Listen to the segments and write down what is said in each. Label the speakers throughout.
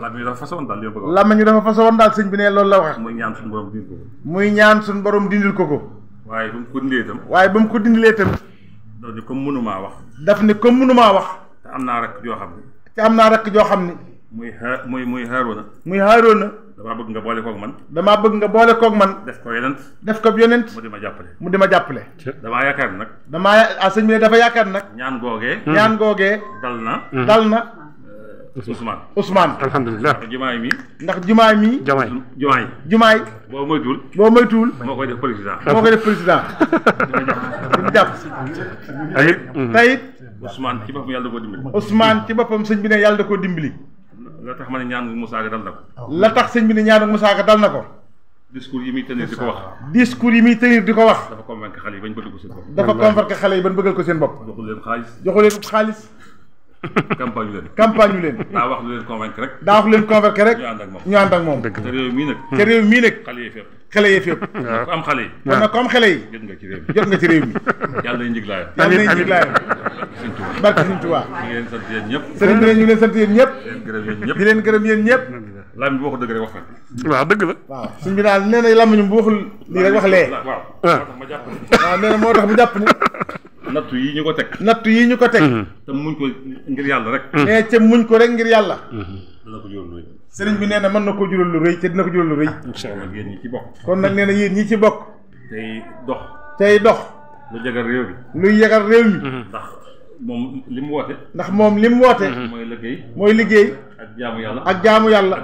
Speaker 1: làmmiñ dafa fase woon daal li bëgg làmmiñ dafa fase woon daal sëñ bi ne loolu la wax muy ñaan suñu borom dindil ko ko muy ñaan suñu borom dindil ko ko waaye ba mu ko dindilee itam waaye ba mu ko dindilee itam daf ne comme mënumaa wax daf ni comme mënumaa wax te am naa rakk joo xam ne te am naa rakk joo xam ne muy muy muy Haaruna muy Haaruna damaa bëgg nga boole koog man damaa bëgg nga boole koog man def ko yonent def ko yonent mu di ma jàppale mu di ma jàppale damaa yaakaar nag damaa ah, dafa yaakaar nag ñaan googee ñaan googee dal na mm-hmm. dal na Ousmane Ousmane alhamdulilah jumaay mi ndax jumaay mi jumaay jumaay jumaay boo moytuwul boo moytuwul moo koy def président moo koy def président duñu jàpp tayit tayit Ousmane ci boppam yàlla da koo dimbali Ousmane ci boppam sëñ bi ne yàlla da koo dimbali la tax ma ne ñaan Moussa ga dal na ko la tax sëñ bi ne ñaan Moussa ga dal na ko discours yi muy tenir di ko wax discours yi muy tenir di ko wax dafa convaincre xale yi bañ bëggal ko seen bopp dafa convaincre xale yi bañ bëggal ko seen bopp joxu leen xaalis joxu leen xaalis campagne leen campagne yu leen. daa wax lu leen convaincre rek. daa wax lu leen convaincre rek. ñu ànd ak moom ñu ànd ak moom. dëgg la te réew mii am xale yi. am xale yi. jot nga ci réew mi jot nga ci réew mi. yàlla nañu njiglaayam. amiin yàlla nañu njiglaayam. barke Sëriñ Tuubaa. leen sant yéen ñëpp. sëriñ leen gërëm yéen ñëpp. lam bi bu waxul lii rek wax lee. waaw ah. waaw moo tax mu jàpp ni. nattu yi ñu ko teg. nattu yi ñu ko teg. Mm-hmm. te muñ ko ngir yàlla rek. nee mm. eh, ca muñ ko rek ngir yàlla. Mm-hmm. dina ko jural sëriñ bi nee na mën na ko jural lu rëy te dina ko jural lu rëy. Ah, ci bokk. kon nag nee na yéen ñi ci bokk. tey dox. tey dox. lu jagal réew mi. luy jagal réew mi. Mm-hmm. ndax moom li mu woote. ndax moom li mu woote. Mm-hmm. mooy liggéey. mooy liggéey. ak jaamu yàlla ak jaamu yàlla.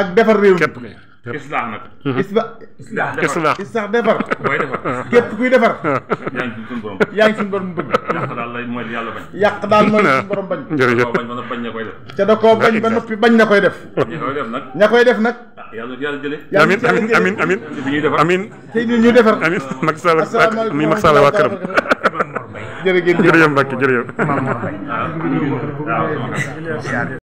Speaker 1: ak defar réew mi islaax nag. isba islaax islaax defar mooy defar. képp kuy defar. yaa ngi suñu borom yaa ngi suñu borom bëgg. yàq daal lay mooy yàlla bañ. yàq daal mooy suñu borom bañ. jërëjëf bañ na koy def. te da koo bañ ba noppi bañ na koy def. ña koy def nag. ña koy def nag. Ah, yàlla yàlla jëlee. amiin amiin amiin amiin. amiin tey ñun ñuy defar. amiin Macky Sall ak muy Macky Sall waa këram. jërëjëf jërëjëf Mbacke jërëjëf.